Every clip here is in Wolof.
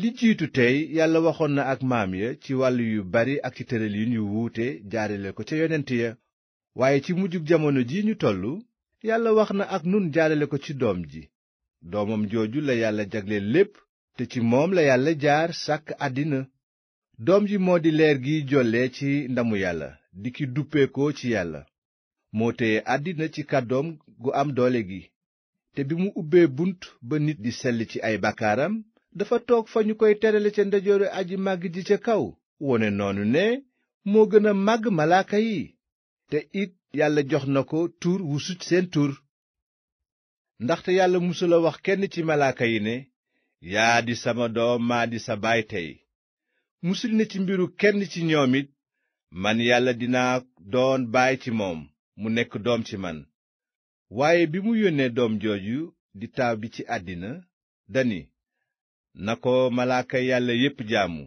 li jiitu tey yàlla waxoon na ak maam ya ci wàll yu bari ak ci tëralin yu wuute jaarale ko ca yonent ya waaye ci mujjug jamono ji ñu tollu yàlla wax na ak nun jaarale ko ci doom ji doomam jooju la yàlla jagleel lépp te ci moom la yàlla jaar sàkk àddina doom ji moo di leer giy jollee ci ndamu yàlla di ki duppeekoo ci yàlla moo téye àddina ci kàddoom gu am doole gi te bi mu ubbee bunt ba nit di sell ci ay bakkaaram dafa toog fa ñu koy terale ca ndeyjooru aji màgg di ca kaw wone noonu ne moo gën a màgg malaaka yi te it yàlla jox na ko tur wu sut seen tur ndaxte yàlla musula wax kenn ci malaaka yi ne yaa di sama doom maa di sa baay tey musul na ci mbiru kenn ci ñoom it man yàlla dinaa doon baay ci moom mu nekk doom ci man waaye bi mu yónnee doom jooju di taaw bi ci àddina dani na ko malaaka yàlla yépp jaamu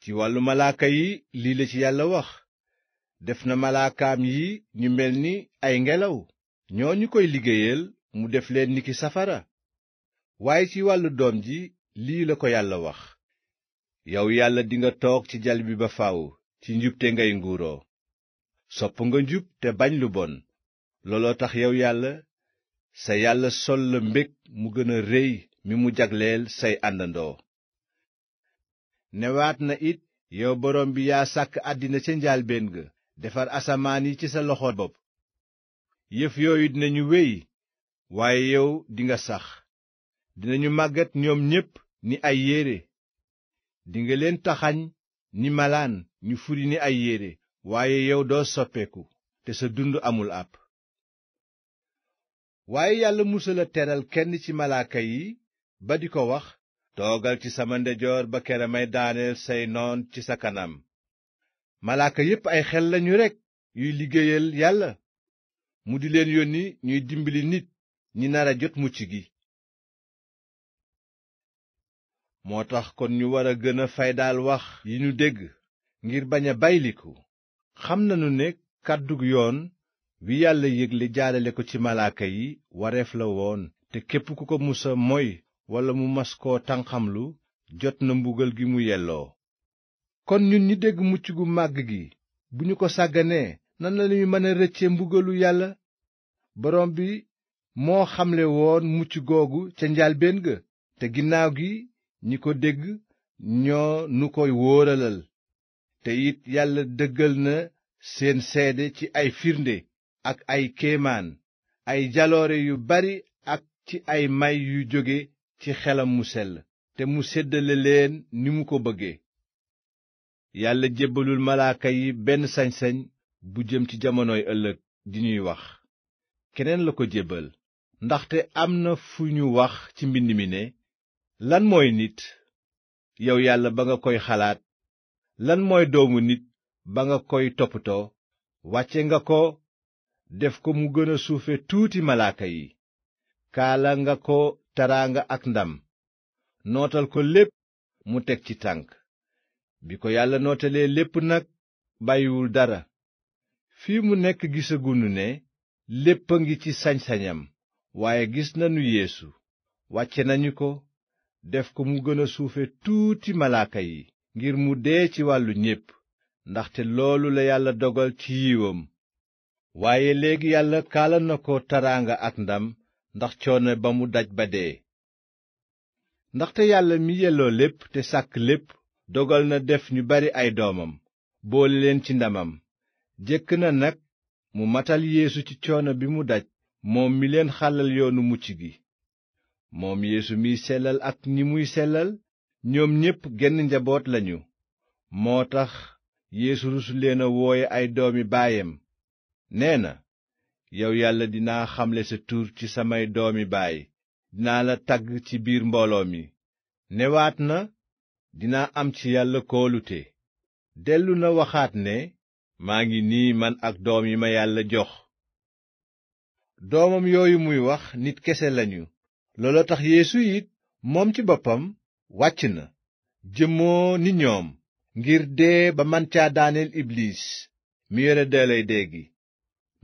ci wàllu malaaka yi lii la ci yàlla wax def na malaakaam yi ñu mel ni ay ngelaw ñoo ñu koy liggéeyal mu def leen niki safara waaye ci wàllu doom ji lii la ko yàlla wax yow yàlla dinga toog ci jal bi ba faw ci njubte ngay nguuroo sopp nga njub te bañ lu bon looloo tax yow yàlla sa yàlla sol la mbég mu gën a réy mi mu jagleel say àndandoo newaat na it yow borom bi yaa sàkk àddina ca njaalbéen ga defar asamaan yi ci sa loxo bopp yëf yooyu dinañu wey waaye yow dinga sax dina ñu màggat ñoom ñépp ni ay yére dinga leen taxañ ni malaan ñu furi ni ay yére waaye yow doo soppeeku te sa dund amul àpp waaye yàlla musal teral kenn ci malaaka yi ba di ko wax toogal ci sama ndejoor ba kere may daaneel say noon ci sa kanam malaaka yépp ay xel lañu rekk yuy liggéeyal yàlla mu di leen yónni ñuy dimbali nit ñi nar a jot mucc gi moo tax kon ñu war a gën a faydaal wax yi ñu dégg ngir bañ a bayliku xam nanu ne kàddug yoon wi yàlla yégle jaarale ko ci malaaka yi wareef la woon te képp ku ko musa moy walla mu mas koo tanqamlu jot na mbugal gi mu yelloo kon ñun ñi dégg mucc gu màgg gi bu ñu ko sàgganee nan lañuy mën a rëcce mbugalu yàlla borom bi moo xamle woon mucc googu ca njaalbéen ga te ginnaaw gi ñi ko dégg ñoo nu koy wóoralal te yàlla dëggal na seen seede ci ay firnde ak ay kéemaan ay jaloore yu bari ak ci ay may yu jóge ci xelam mu sell te mu seddale leen ni mu ko bëgge yàlla jébbalul malaaka yi benn sañ bu jëm ci jamonoy ëllëg di ñuy wax keneen la ko jébbal ndaxte am na fu ñu wax ci mbind mi ne lan mooy nit yow yàlla ba nga koy xalaat lan mooy doomu nit ba nga koy toppatoo wàcce nga ko def ko mu gën a suufe tuuti malaaka yi kaala nga ko teraanga ak ndam nootal ko lépp mu teg ci tànk bi ko yàlla nootalee lépp nag bàyyiwul dara fii mu nekk gisagunu ne lépp a ngi ci sañ-sañam waaye gis nanu yéesu wàcce nañu ko def ko mu gën a suufe tuuti malaaka yi ngir mu dee ci wàllu ñépp ndaxte loolu la yàlla dogal ci yiwam waaye léegi yàlla kaala na ko taraanga ak ndam ndax coono daj ba ndaxte yàlla mi yelloo lépp te sàkk lépp dogal na def ñu bari ay doomam boole leen ci ndamam jëkk na nag mu matal yéesu ci coono bi mu daj moom mi leen xàllal yoonu mucc gi moom yeesu miy sellal ak ñi muy sellal ñoom ñépp genn njaboot lañu moo tax yeesu rusu leen a wooye ay doomi baayam nee na yow yàlla dinaa xamle sa tur ci samay doomi baay dinaa la tagg ci biir mbooloo mi newaat na dinaa am ci yàlla koolute dellu na waxaat ne maa ngi nii man ak doom yi ma yàlla jox doomam yooyu muy wax nit kese lañu looloo tax yeesu it moom ci boppam wàcc na jëmmoo ni ñoom ngir dee ba man caa daaneel ibliis mi yore dooley dee gi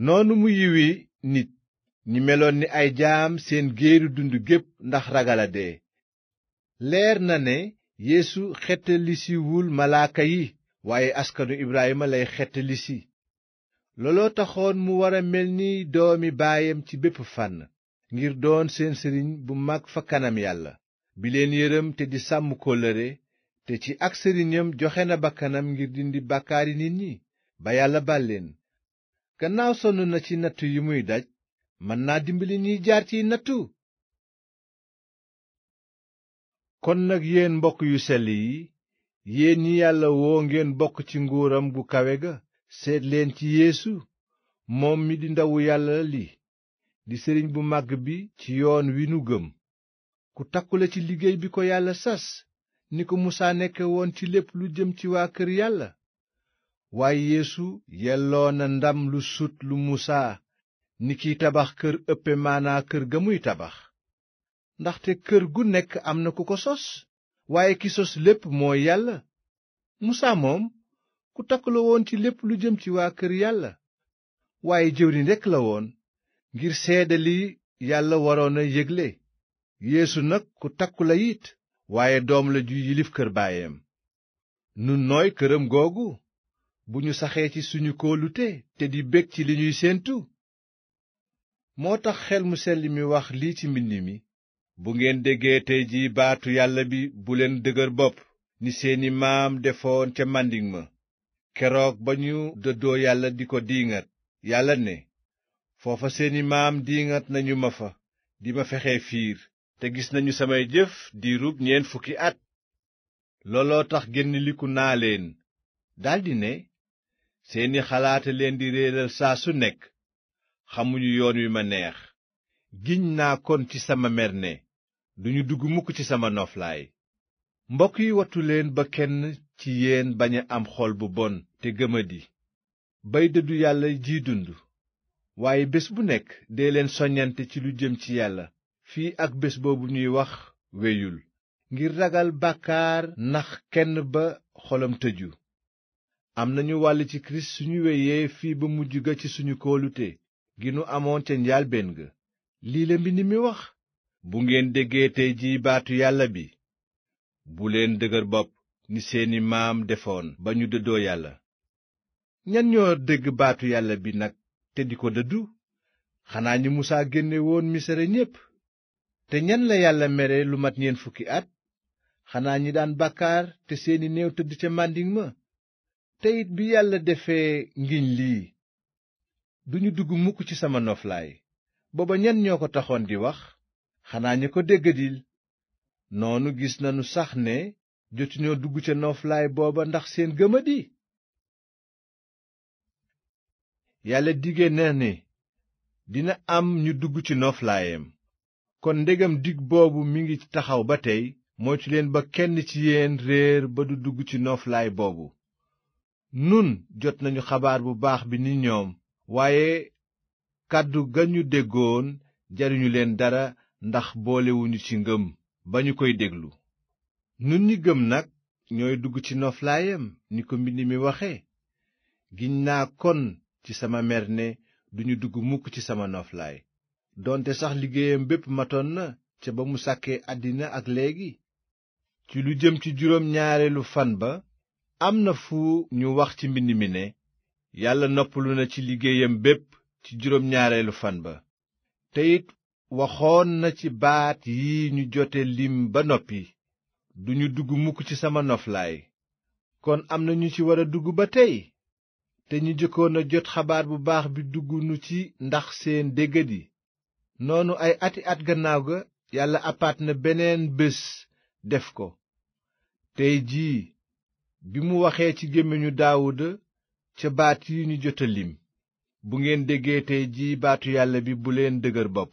noonu mu yiwi nit ñi meloon ni ay jaam seen géeru dund gépp ndax ragal dee leer na ne yéesu xettalisiwul malaaka yi waaye askanu ibraayima lay xettalisi looloo taxoon mu war a mel ni doomi baayam ci bépp fànn ngir doon seen sëriñ bu mag fa kanam yàlla bi leen yërëm te di sàmm kóllëre te ci ak sëriñam joxe na bakkanam ngir dindi bàkkaari nit ñi ba yàlla bàl gannaaw sonn na ci nattu yi muy daj mën naa dimbali ñiy jaar ciy nattu kon nag yéen mbokk yu sell yi yéen ñi yàlla woo ngeen bokk ci nguuram gu kawe ga seet leen ci yeesu moom mi di ndawu yàlla li di sëriñ bu màgg bi ci yoon wi nu gëm ku takkule ci liggéey bi ko yàlla sas ni ko musaa nekke woon ci lépp lu jëm ci waa kër yàlla waaye yeesu yelloo ndam lu sut lu musaa ni kiy tabax kër ëpp maanaa kër ga muy tabax ndaxte kër gu nekk am na ku ko sos waaye ki sos lépp moo yàlla musaa moom ku takk la woon ci lépp lu jëm ci waa kër yàlla waaye jëw jëwriñ rekk la woon ngir seede li yàlla waroona a yéesu nag ku takku la it waaye doom la ju yilif kër baayam nun nooy këram googu bu ñu saxee ci suñu kóolute te di bég ci li ñuy séentu moo tax xel mu sell mi wax lii ci mbind mi bu ngeen déggee tey ji baatu yàlla bi bu leen dëgër bopp ni seeni maam defoon ca màndiŋ ma keroog ba ñu dëddoo yàlla di ko diiŋat yàlla ne foofa seeni maam diiŋat nañu ma fa di ma fexee fiir te gis nañu samay jëf di rub ñeent fukki at looloo tax génniliku naa leen daldi ne seeni xalaate leen di réeral saa su nekk xamuñu yoon wi ma neex giñ naa kon ci sama merne ne duñu dugg mukk ci sama noflaay mbokk yi wattu leen ba kenn ci yéen bañ a am xol bu bon te gëmadi bay dëddu yàlla ji dund waaye bés bu nekk dee leen soññante ci lu jëm ci yàlla fii ak bés boobu ñuy wax weyul ngir ragal bàkkaar nax kenn ba xolam am nañu wàll ci kirist ñu weyee fii ba mujj ga ci suñu kóolute gi nu amoon ca njaalbéen ga lii la mbind mi wax bu ngeen déggeete tey ji baatu yàlla bi bu leen dëgër bopp ni seeni maam defoon ba ñu dëddoo yàlla ñan ñoo dégg baatu yàlla bi nag te di ko dëddu xanaa ñi musaa génne woon misere ñépp te ñan la yàlla mere lu mat ñeent fukki at xanaa ñi daan bàkkaar te seeni néew tëdd ca màndiŋ ma te bi yàlla defee ngiñ lii duñu dugg mukk ci sama noflaay booba ñenn ñoo ko taxoon di wax xanaa ñi ko déggadil noonu gis nanu sax ne jotuñoo dugg ca noflaay booba ndax seen gëmadi yàlla dige na ne dina am ñu dugg ci noflaayam kon ndegam digg boobu mi ngi taxaw ba tey moytu leen ba kenn ci yéen réer ba du dugg ci noflaay boobu nun jot nañu xabaar bu baax bi ni ñoom waaye kàddu gañu déggoon jariñu leen dara ndax boolewuñu ci ngëm ba ñu koy déglu nun ñi gëm nag ñooy dugg ci noflaayam ni ko mbind mi waxe giñ naa kon ci sama mer ne duñu dugg mukk ci sama noflaay doonte sax liggéeyam bépp matoon na ca ba mu sàkkee àddina ak léegi ci lu jëm ci juróom ñaareelu fan ba am na fu ñu wax ci mbind mi ne yàlla noppalu na ci liggéeyam bépp ci juróom ñaareelu fan ba te waxoon na ci baat yi ñu jote lim ba noppi duñu dugg mukk ci sama noflaay kon am na ñu ci war a dugg ba tey te ñu jëkkoon a jot xabaar bu baax bi dugg nu ci ndax seen déggadi noonu ay ati at gannaaw ga yàlla apaat na beneen bés def ko tey jii bi mu waxee ci gémmiñu daawuda ca baat yi ñu jotalim bu ngeen déggee tey ji baatu yàlla bi bu leen dëgër bopp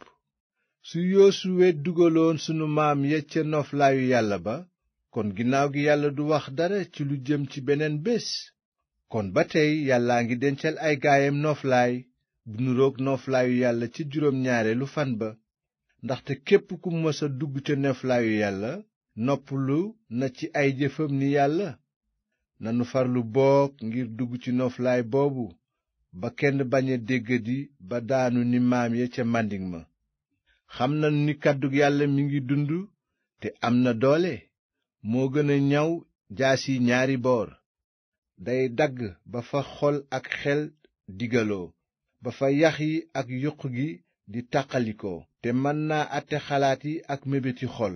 su yoosuwe dugaloon sunu maam ya ca noflaayu yàlla ba kon ginnaaw gi yàlla du wax dara ci lu jëm ci beneen bés kon ba tey yàllaa ngi dencal ay gaayam noflaay bu nuroog noflaayu yàlla ci juróom ñaareelu fan ba ndaxte képp ku mësa dugg ca noflaayu yàlla noppalu na ci ay jëfam ni yàlla nanu farlu boog ngir dugg ci noflaay boobu ba kenn bañ a déggadi ba daanu ni maam ya ca màndiŋ ma xam na ni kàddug yàlla mi ngi dund te am na doole moo gën a ñaw jaasi ñaari boor day dagg ba fa xol ak xel digaloo ba fa yax yi ak yuq gi di tàqalikoo te mën na àtte xalaat yi ak mébéti xol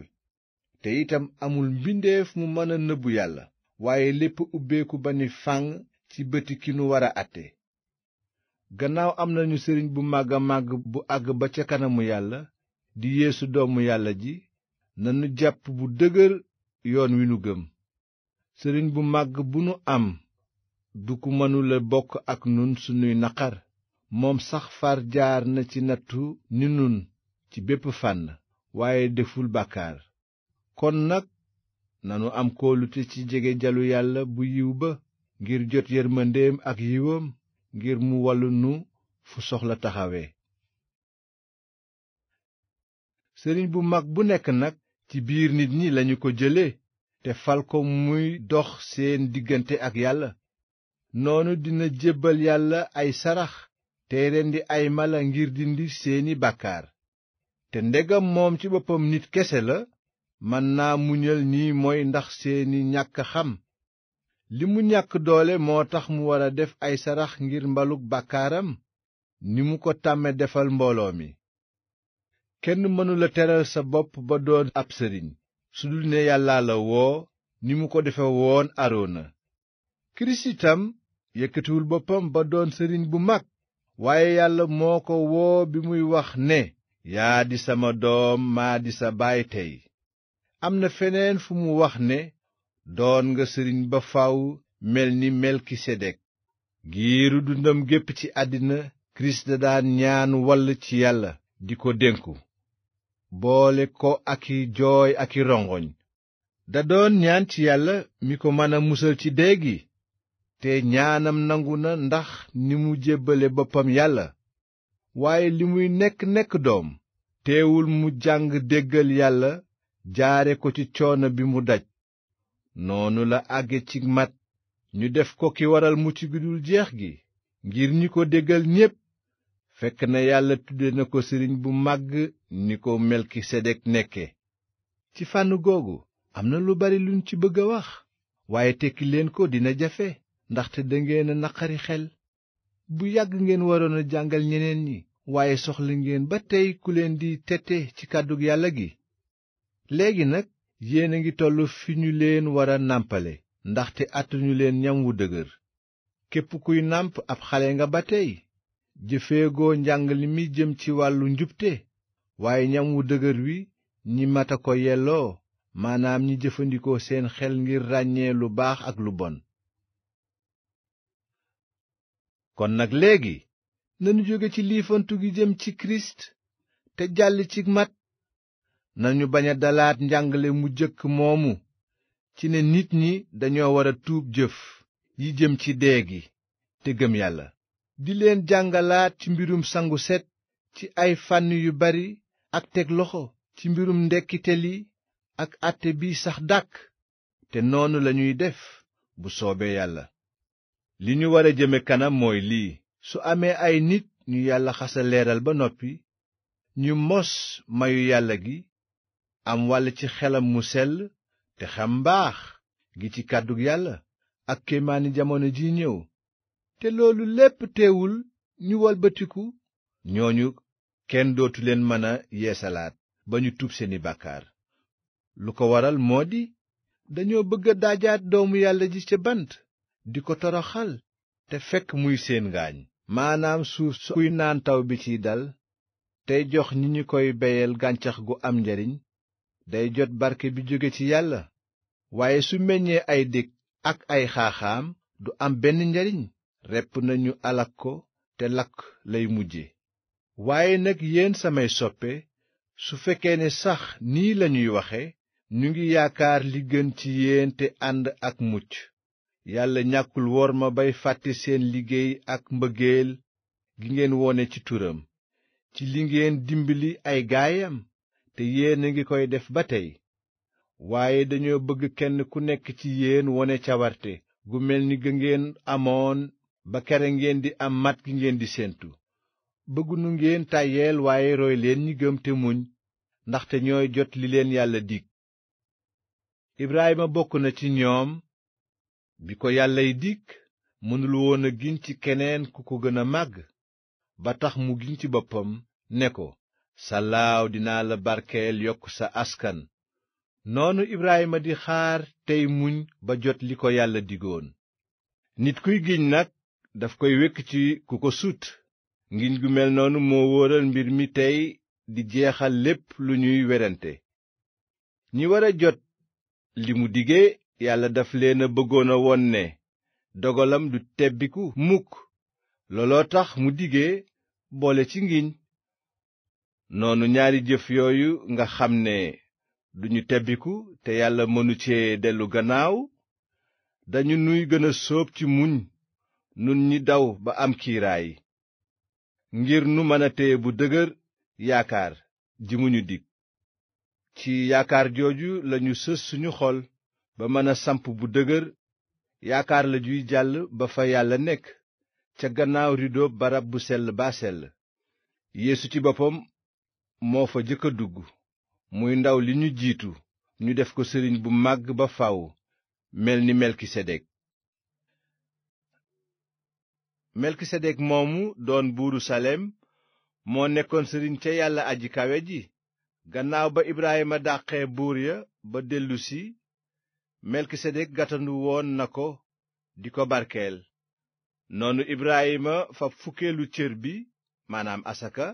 te itam amul mbindeef mu mën a nëbbu yàlla waaye lépp ubbeeku ba ni fànn ci bëti ki nu war a àtte gannaaw am nañu sëriñ bu màgga màgg bu àgg ba ca kanamu yàlla di yeesu doomu yàlla ji nanu jàpp bu dëgër yoon wi nu gëm sëriñ bu màgg bu nu am du ku mënula bokk ak nun sunuy naqar moom sax far jaar na ci nattu ni nun ci bépp fànn waaye deful bàkkaar kon nag nanu am kóolute ci jege jalu yàlla bu yiw ba ngir jot yërmandeem ak yiwam ngir mu wàllu nu fu soxla taxawee sëriñ bu mag bu nekk nag ci biir nit ñi lañu ko jële te fal ko muy dox seen diggante ak yàlla noonu dina jébbal yàlla ay sarax tey rendi ay mala ngir dindi seeni bàkkaar te ndegam moom ci boppam nit kese la mën naa muñal nii mooy ndax seeni ñàkk xam li mu ñàkk doole moo tax mu war a def ay sarax ngir mbalug bàkkaaram ni mu ko tàmme defal mbooloo mi kenn mënula teral sa bopp ba doon ab sëriñ su dul ne yàlla la woo ni mu ko defe woon aroona kirist itam yëkkatiwul boppam ba doon sëriñ bu mag waaye yàlla moo ko woo bi muy wax ne yaa di sama doom maa di sa baay tey am na feneen fu mu wax ne doon nga sëriñ ba faw mel ni melkisedek giiru dundam gépp ci àddina kirist da daan ñaan wall ci yàlla di ko dénku boole ko ak i jooy ak i rongoñ da doon ñaan ci yàlla mi ko mëna musal ci dee gi te ñaanam nangu na ndax ni mu jébbale boppam yàlla waaye li muy nekk nekk doom teewul mu jàng déggal yàlla jaare ko ci coono bi mu daj noonu la àgge ci mat ñu def ko ki waral mucc gi dul jeex gi ngir ñi ko déggal ñépp fekk na yàlla tudde na ko sëriñ bu màgg ni ko melkisedek nekke ci fànn googu am na lu bari luñ ci bëgg a wax waaye tekki leen ko dina jafe ndaxte dangeen a naqari xel bu yàgg ngeen waroon a jàngal ñeneen ñi waaye soxla ngeen ba tey ku leen di tette ci kàddu yàlla gi léegi nag yéen ngi tollu fi ñu leen wara a nàmpale ndaxte àttuñu leen ñam wu dëgër képp kuy nàmp ab xale nga ba tey jëfeegoo njàng li mi jëm ci wàllu njubte waaye ñam wu dëgër wi ñi mata ko yelloo maanaam ñi jëfandikoo seen xel ngir ràññee lu baax ak lu bon kon nag gi jëm ci kirist te jàll nañu bañ a dalaat njàngale mu jëkk moomu ci ne nit ñi dañoo war a tuub jëf yi jëm ci dee gi te gëm yàlla di leen jàngalaat ci mbirum sangu set ci ay fànn yu bari ak teg loxo ci mbirum ndekkite li ak àtte bi sax dàkk te noonu lañuy def bu soobee yàlla li ñu war a jëme kanam mooy lii su amee ay nit ñu yàlla xasa leeral ba noppi ñu mos mayu yàlla gi am wàll ci xelam mu sell te xam mbaax gi ci kàddu yàlla ak kéemaani jamono ji ñëw te loolu lépp teewul ñu walbatiku ñooñu kenn dootu leen mën a yeesalaat ba ñu tub seeni bàkkaar lu ko waral moo di dañoo bëgg a daajaat doomu yàlla ji ca bant di ko toroxal te fekk muy seen ngaañ maanaam suuf kuy naan taw bi ciy dal tey jox ñi ñu koy beyel gàncax gu am njariñ day jot barke bi jóge ci yàlla waaye su meññee ay dég ak ay xaaxaam du am benn njariñ repp nañu alak ko te lakk lay mujje waaye nag yéen samay soppe su fekkee ne sax nii lañuy waxe ñu ngi yaakaar li gën ci yéen te ànd ak mucc yàlla ñàkkul woor ma bay fàtte seen liggéey ak mbëggeel gi ngeen wone ci turam ci li ngeen dimbali ay gaayam te yéen a ngi koy def ba tey waaye dañoo bëgg kenn ku nekk ci yéen wone cawarte gu mel ni ga ngeen amoon ba kere ngeen di am mat gi ngeen di séentu bëggunu ngeen tàyyeel waaye roy leen ñi gëm te muñ ndaxte ñooy jot li leen yàlla dig Ibrahima bokk na ci ñoom bi ko yàllay dig mënul woon a giñ ci keneen ku ko gën a màgg ba tax mu giñ ci boppam ne ko sa laaw dinaa la barkeel yokk sa askan noonu Ibrahima di xaar tey muñ ba jot li ko yàlla digoon nit kuy giñ nag daf koy wékk ci ku ko sut ngiñ gu mel noonu moo wóoral mbir mi tey di jeexal lépp lu ñuy werante ñi war a jot li mu dige yàlla daf leen bëggoona woon ne dogalam du tebbiku mukk looloo tax mu dige boole ci ngiñ noonu ñaari jëf yooyu nga xam ne duñu tebbiku te yàlla mënu cee dellu gannaaw dañu nuy gëna a ci muñ nun ñi daw ba am kiiraay ngir nu mën a téye bu dëgër yaakaar ji mu ñu dig ci yaakaar jooju lañu sës suñu xol ba mëna samp bu dëgër yaakaar la juy jàll ba fa yàlla nekk ca gannaaw rido barab bu sell baa sell yéesu ci boppam moo fa jëkk a dugg muy ndaw li ñu jiitu ñu def ko sëriñ bu màgg ba faw mel ni melkisedek melkisedek moomu doon buuru salem moo nekkoon sëriñ ca yàlla aji kawe ji gannaaw ba ibraayima dàqee buur ya ba dellusi melkisedek gatandu woon na ko di ko barkeel noonu ibraayima fab fukkeelu cër bi maanaam asaka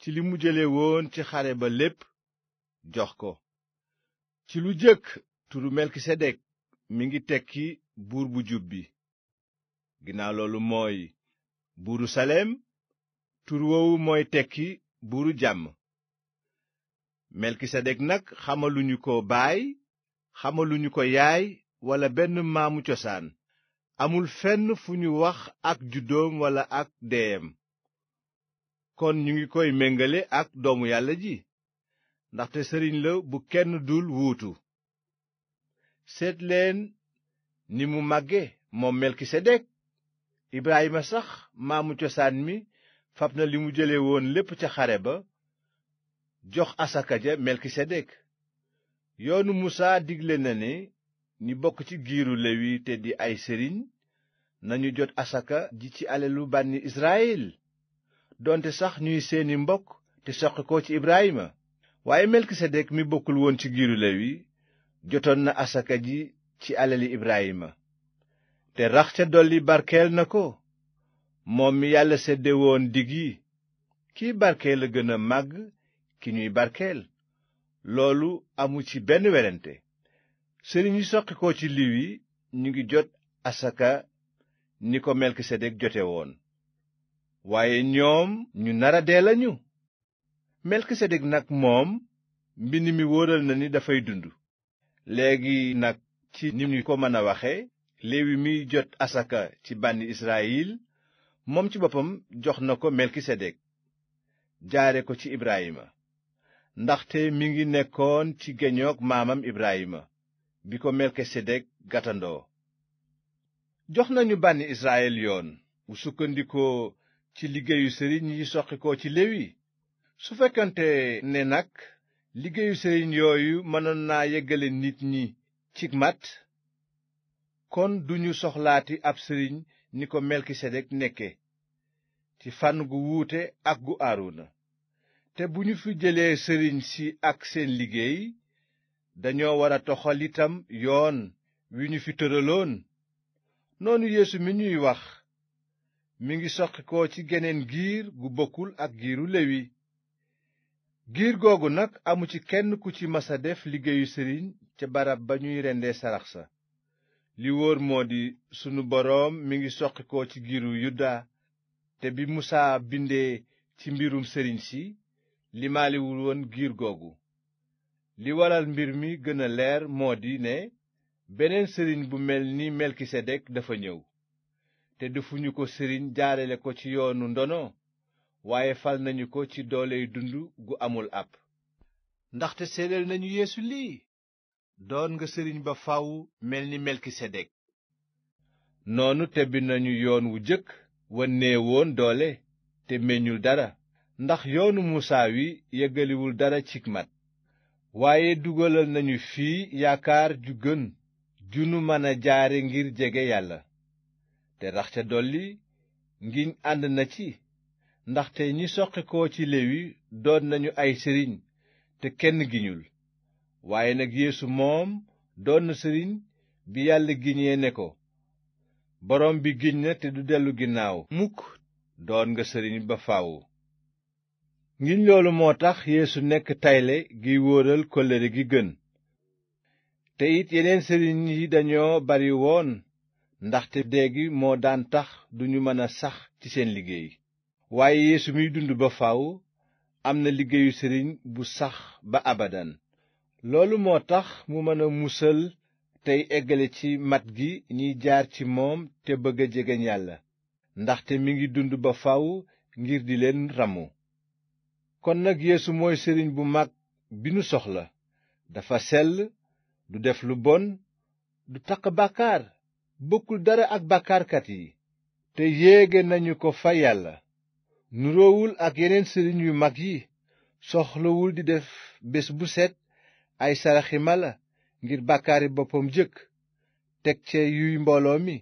ci li mu jële woon ci xare ba lépp jox ko ci lu jëkk turu melkisedek mi ngi tekki buur bu jub bi ginnaaw loolu mooy buuru salem tur woowu mooy tekki buuru jàmm melkisedek nag xamaluñu ko baay xamaluñu ko yaay walla benn maamu cosaan amul fenn fu ñu wax ak juddoom walla ak deeyam kon ñu ngi koy méngale ak doomu yàlla ji ndaxte sëriñ la bu kenn dul wuutu seet ni mu màgge moom melkisedek ibrahima sax maamu cosaan mi fab na li mu jële woon lépp ca xare ba jox asaka ja melkisedek yoonu musaa digle na ne ni bokk ci giiru lewi te di ay sëriñ nañu jot asaka ji ci alelu bànni israyil donte sax ñuy seeni mbokk te soqi ci Ibrahima waaye Melkisedek mi bokkul woon ci giiru Lewi jotoon na asaka ji ci alali Ibrahima te rax ca dolli barkeel na ko moom mi yàlla sedde woon dig yi kiy barkeel a gën a màgg ki ñuy barkeel loolu amu ci benn werante sëriñ yi soqi ci Liwi ñu ngi jot asaka ni ko Melkisedek jote woon waaye ñoom ñu nara dee lañu melkisedek nag moom mbind mi wóoral na ni dafay dund léegi nag ci ni ñu ko mën a waxe léewi miy jot asaka ci bànn israyil moom ci boppam jox na ko melkisedek jaare ko ci ibraayima ndaxte mi ngi nekkoon ci geñook maamam ibrahima bi ko melkisedek gàttandoo jox nañu bànni israyil sukkandikoo ci liggéeyu sëriñ yi soqi ci lewi su fekkante ne nag liggéeyu sëriñ yooyu mënoon naa yeggale nit ñi ci mat kon duñu soxlaati ab sëriñ ni ko melkisedek nekke ci fànn gu wuute ak gu aaruna te bu ñu fi jëlee sëriñ si ak seen liggéey dañoo war a toxal itam yoon wi ñu fi tëraloon noonu yeesu mi ñuy wax mi ngi soqi ko ci geneen giir gu bokkul ak giiru lewi giir googu nag amu ci kenn ku ci masa def liggéeyu sëriñ ca barab ba ñuy rendee sarax sa li wóor moo di sunu boroom mi ngi soqi ko ci giiru yuda te bi musaa bindee ci mbirum sëriñ si limaaliwul woon giir googu li waral mbir mi gën a leer moo di ne beneen sëriñ bu mel ni melkisedek dafa ñëw te defuñu ko sëriñ jaarale ko ci yoonu ndono waaye fal nañu ko ci dooley dund gu amul àpp ndaxte seedeel nañu yeesu lii doon nga sëriñ ba faw mel ni melkisedek noonu tebbi nañu yoon wu jëkk wa néewoon doole te meññul dara ndax yoonu muusaa wi yeggaliwul dara cig mat waaye dugalal nañu fii yaakaar ju gën ju nu mën a jaare ngir jege yàlla te rax ca dolli ngiñ ànd na ci ndaxte ñi soqikoo ci lewi doon nañu ay sëriñ te kenn giñul waaye nag yeesu moom doon na sëriñ bi yàlla giñee ne ko boroom bi giñ na te du dellu ginnaaw mukk doon nga sëriñ ba faaw ngiñ loolu moo tax yeesu nekk tayle giy wóoral kóllëre gi gën te it yeneen sëriñ yi dañoo bari woon ndaxte dee moo daan tax duñu mën a sax ci seen liggéey waaye Yeesu muy dund ba faaw am na liggéeyu sëriñ bu sax ba abadan loolu moo tax mu mën a musal tey eggale ci mat gi ñuy jaar ci moom te bëgg a jegeñ yàlla ndaxte mi ngi dund ba faw ngir di leen ramu kon nag yéesu mooy sëriñ bu mag bi nu soxla dafa sell du def lu bon du takk bàkkaar bokkul dara ak bàkkaarkat yi te yéege nañu ko fa yàlla nuroowul ak yeneen sëriñ yu mag yi soxlawul di def bés bu set ay saraxi mala ngir bàkkaari boppam jëkk teg ce yuy mbooloo mi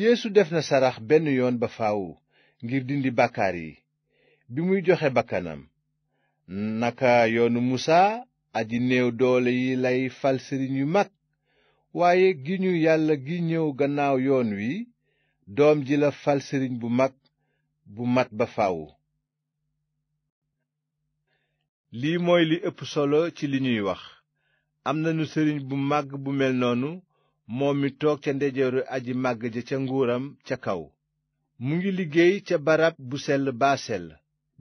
yéesu def na sarax benn yoon ba faaw ngir dindi bakkaar yi bi muy joxe bakkanam naka yoonu musaa aji néew doole yi lay fal sëriñ yu mag waaye giñu yàlla gi ñëw gannaaw yoon wi doom ji la fal sëriñ bu mag bu mat ba fàww lii mooy li ëpp solo ci li ñuy wax am nañu sëriñ bu màgg bu mel noonu moom mi toog ca ndejeeru aji màgg ja ca nguuram ca kaw mu ngi liggéey ca barab bu sell baa sell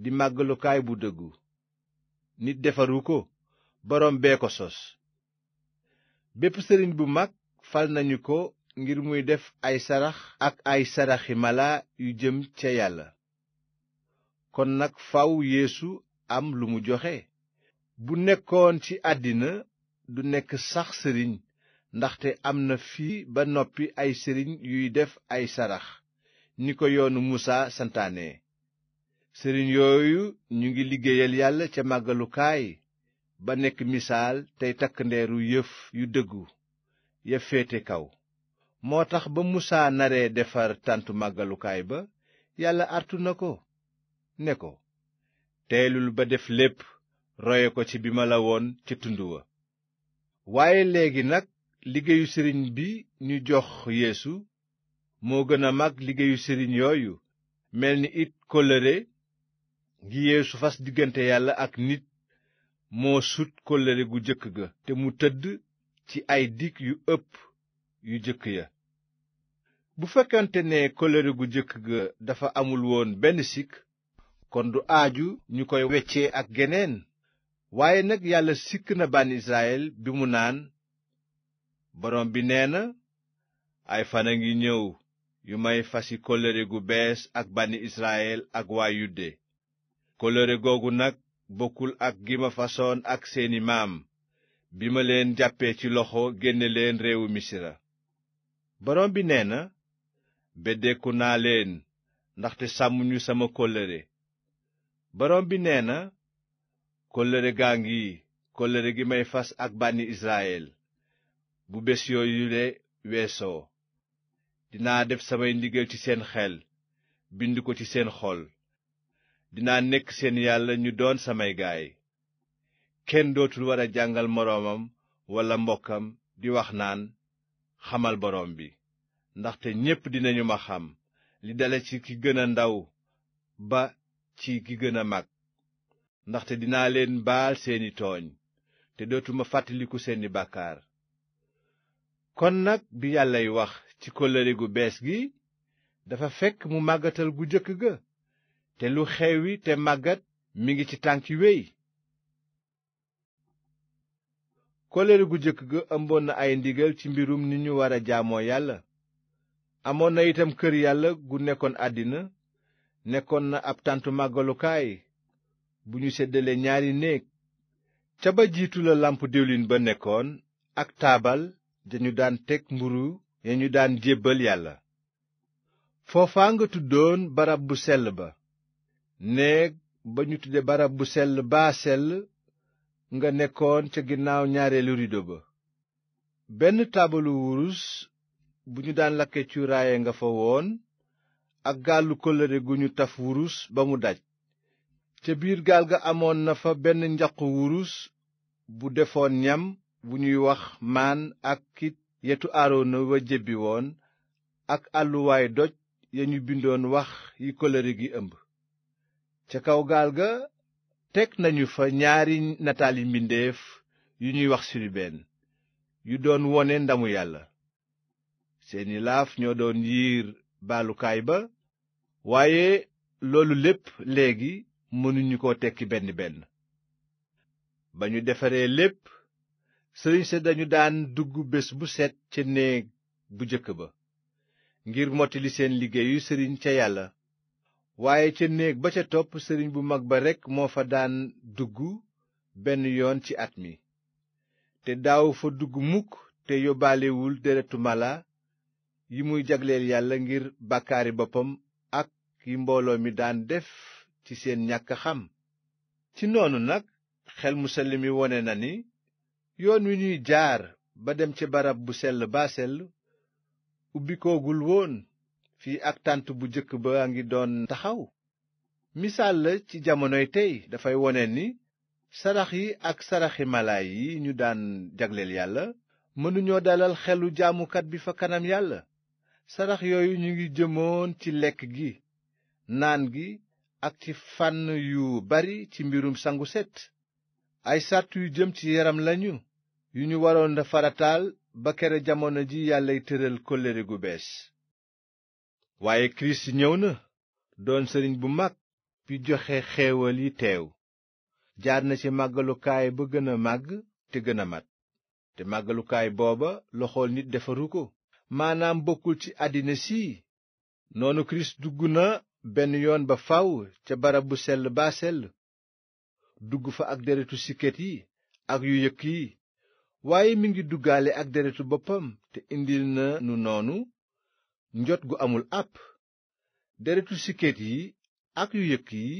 di màggalukaay bu dëggu nit defaru ko boroom bee ko sos bépp sëriñ bu mag fal nañu ko ngir muy def ay sarax ak ay saraxi malaa yu jëm ca yàlla kon nag faw yéesu am lu mu joxe bu nekkoon ci àddina du nekk sax sëriñ ndaxte am na fi ba noppi ay sëriñ yuy def ay sarax ni ko yoonu musaa santaane sëriñ yooyu ñu ngi liggéeyal yàlla ca màggalukaay ba nekk misaal tey takk ndeeru yëf yu dëggu ya féete kaw moo tax ba musaa naree defar tàntu màggalukaay ba yàlla artu na ko ne ko teelul ba def lépp roye ko ci bi ma la woon ca tund wa waaye léegi nag liggéeyu sëriñ bi ñu jox yéesu moo gën a mag liggéeyu sëriñ yooyu mel ni it kóllëre gi yeesu fas diggante yàlla ak nit moo sut kóllëre gu jëkk ga te mu tëdd ci ay dikk yu ëpp yu jëkk ya bu fekkante ne kóllëre gu jëkk ga dafa amul woon benn sikk kon du aaju ñu koy weccee ak geneen waaye nag yàlla sikk na bànn Israyil bi mu naan borom bi nee na ay fan a ngi ñëw yu may fasi kóllëre gu bees ak bànni israel ak waa Yude kóllëre googu nag bokkul ak gi ma fasoon ak seeni maam bi ma leen jàppee ci loxo génne leen réewu misira borom bi nee na beddeeku naa leen ndaxte sàmmuñu sama kóllëre borom bi nee na kóllëre gaa ngi kóllëre gi may fas ak bànni Israyel bu bés yooyule weesoo dinaa def samay ndigal ci seen xel bind ko ci seen xol dinaa nekk seen yàlla ñu doon samay gaay kenn dootul war a jàngal moroomam walla mbokkam di wax naan xamal boroom bi ndaxte ñépp dinañu ma xam li dala ci ki gën a ndaw ba ci ki gën a mag ndaxte dinaa leen baal seeni tooñ te dootuma fàttaliku seeni bàkkaar kon nag bi yàllay wax ci kóllëre gu bees gi dafa fekk mu màggatal gu jëkk ga te lu xewwi te màggat mi ngi ci tànki wey kóllëre gu jëkk ga ëmboon na ay ndigal ci mbirum ni ñu war a jaamoo yàlla amoon na itam kër yàlla gu nekkoon àddina nekkoon na ab tàntu màggalukaay bu ñu seddale ñaari néeg ca ba jiitu la làmp diwlin ba nekkoon ak taabal dañu daan teg mburu ya ñu daan jébbal yàlla foofa nga tuddoon barab bu sell ba néeg ba ñu tudde barab bu sell baa sell nga nekkoon ca ginnaaw ñaareelu rido ba benn taabalu wurus bu ñu daan lakke cuuraaye nga fa woon ak gaalu kóllëre gu ñu taf wurus ba mu daj ca biir gaal ga amoon na fa benn njaqu wurus bu defoon ñam bu ñuy wax maan ak kit yetu aaroona wa jébbi woon ak àlluwaay doj ya ñu bindoon wax yi kóllëre gi ëmb ca kaw gaal ga teg nañu fa ñaari nataali mbindeef yu ñuy wax siribeen yu doon wone ndamu yàlla seeni laaf ñoo doon yiir baalukaay ba waaye loolu lépp léegi mënuñu ko tekki benn benn ba ñu defaree lépp sëriñ sa dañu daan dugg bés bu set ca néeg bu jëkk ba ngir mottali seen liggéeyu sëriñ ca yàlla waaye ca néeg ba ca topp sëriñ bu mag ba rekk moo fa daan dugg benn yoon ci at mi te daaw fa dugg mukk te yóbbaalewul deretu mala yi muy jagleel yàlla ngir bàkkaari boppam ak yi mbooloo mi daan def ci seen ñàkk xam ci noonu nag xel mu sell mi wone na ni yoon wi ñuy jaar ba dem ca barab bu sell baa sell ubbikoogul woon fii ak tànt bu jëkk ba a ngi doon taxaw misaal la ci jamonoy tey dafay wone ni sarax yi ak saraxi malaay yi ñu daan jagleel yàlla mënuñoo dalal xelu jaamukat bi fa kanam yàlla sarax yooyu ñu ngi jëmoon ci lekk gi naan gi ak ci fànn yu bari ci mbirum sangu set ay sàrt yu jëm ci yaram lañu yu ñu waroon a farataal ba kere jamono ji yàllay tëral kóllëre gu bees waaye kirist ñëw na doon sëriñ bu mag bi joxe xéewal yi teew jaar na ci màggalukaay ba gën a màgg te gën a mat te màggalukaay booba loxool nit defaru ko maanaam bokkul ci àddina sii noonu kirist dugg na benn yoon ba faw ca barab bu sell baa sell dugg fa ak deretu siket yi ak yu yëkk yi waaye mi ngi duggaale ak deretu boppam te indil na nu noonu njot gu amul àpp deretu siket yi ak yu yëkk yi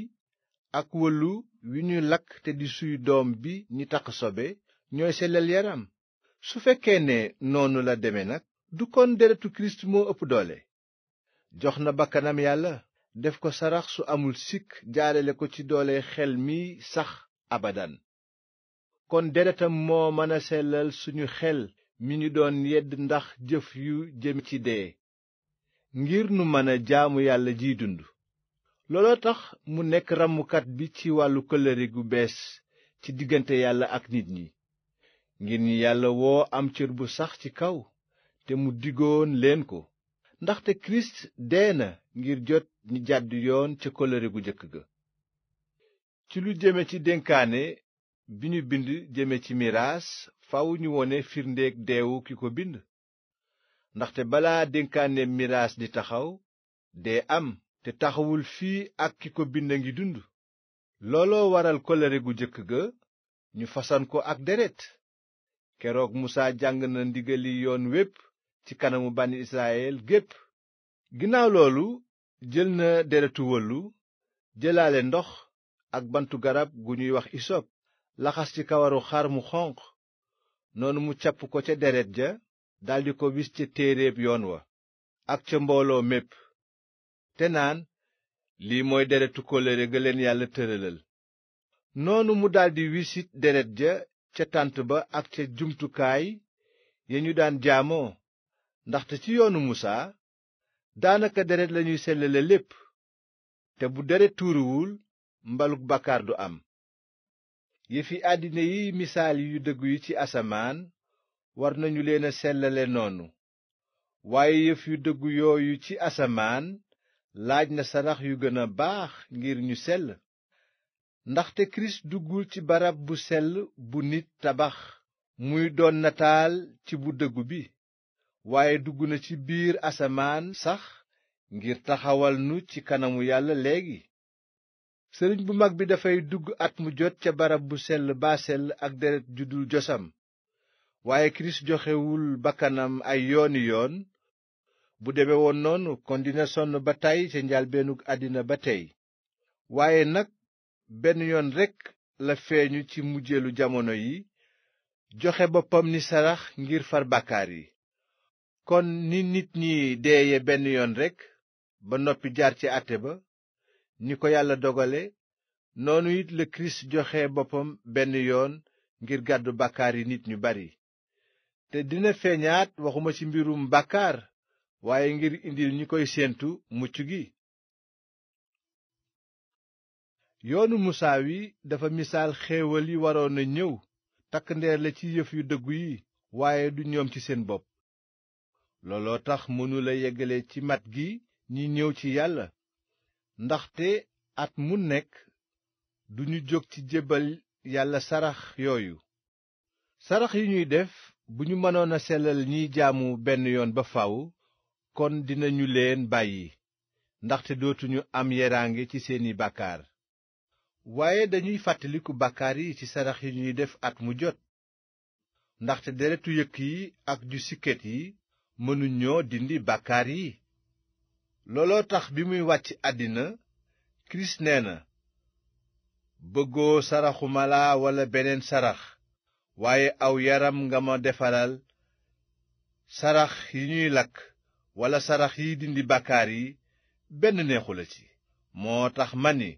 ak wëllu wi ñu lakk te di suy doom bi ni taq sobe ñooy sellal yaram su fekkee ne noonu la deme nag du kon deretu kirist moo ëpp doole jox na bakkanam yàlla def ko sarax su amul sikk jaarale ko ci doole xel mi sax abadan kon deretam moo mën a sellal suñu xel mi ñu doon yedd ndax jëf yu jëm ci dee ngir nu mën a jaamu yàlla jiy dund looloo tax mu nekk ràmmukat bi ci wàllu kóllëre gu bees ci diggante yàlla ak nit ñi ngir ñi yàlla woo am cër bu sax ci kaw te mu diggoon leen ko ndaxte kirist dee na ngir jot ñi jàdd yoon ca kóllëre gu jëkk ga ci lu jëme ci dénkaane bi ñu bind jëme ci miraas faw ñu wone firndeek deewu ki ko bind ndaxte balaa dénkaane miraas di taxaw dee am te taxawul fii ak ki ko bind a ngi dund looloo waral kóllëre gu jëkk ga ñu fasan ko ak deret keroog musaa jàng na ndigali yoon wépp ci kanamu bànni israyel gépp ginnaaw loolu jël na deretu wëllu jëlaale ndox ak bantu garab gu ñuy wax isop laxas ci kawaru xar mu xonq noonu mu capp ko ca deret ja daldi ko wis ca téeréeb yoon wa ak ca mbooloo mépp te naan lii mooy deretu kóllëre ga leen yàlla tëralal noonu mu daldi wisit deret ja ca tànt ba ak ca jumtukaay ya ñu daan jaamoo ndaxte ci yoonu musaa daanaka deret lañuy sellale lépp te bu deret tuuruwul mbalug bàkkaar du am yëfi àddina yi misaal yu dëggu yi ci asamaan war nañu leen a sellale noonu waaye yëf yu dëggu yooyu ci asamaan laaj na sarax yu gën a baax ngir ñu sell ndaxte kirist duggul ci barab bu sell bu nit tabax muy doon nataal ci bu dëggu bi waaye dugg na ci biir asamaan sax ngir taxawal nu ci kanamu yàlla léegi sëriñ bu mag bi dafay dugg at mu jot ca barab bu sell baa sell ak deret ju dul josam waaye kirist joxewul bakkanam ay yooni yoon bu demee woon noonu kon dina sonn ba tey ca njàlbeenug àddina ba tey waaye nag benn yoon rekk la feeñu ci mujjeelu jamono yi joxe boppam ni sarax ngir far bàkkaar yi kon ni nit ñi deeye benn yoon rekk ba noppi jaar ci àtte ba ni ko yàlla dogale noonu it la kirist joxe boppam benn yoon ngir gàddu bakkaar yi nit ñu bari te dina feeñaat waxuma ci mbirum bàkkaar waaye ngir indil ñi koy séentu mucc gi yoonu musaa wi dafa misaal xéewal yi waroon a ñëw takk ndeer la ci yëf yu dëggu yi waaye du ñoom ci seen bopp looloo tax mënula yeggale ci mat gi ñi ñëw ci yàlla ndaxte at mu nekk duñu jóg ci jébbal yàlla sarax yooyu sarax yi ñuy def bu ñu mënoon a sellal ñiy jaamu benn yoon ba faw kon dinañu leen bàyyi ndaxte dootuñu am yeraange ci seeni bàkkaar waaye dañuy fàttaliku bàkkaar yi ci sarax yi ñuy def at mu jot ndaxte deretu yëkk yi ak ju sikket yi mënuñoo dindi bàkkaar yi looloo tax bi muy wàcc àddina kirist nee na bëggoo saraxu mala walla beneen sarax waaye aw yaram nga ma defaral sarax yi ñuy lakk walla sarax yi dindi bàkkaar yi benn neexu la ci moo tax ma ni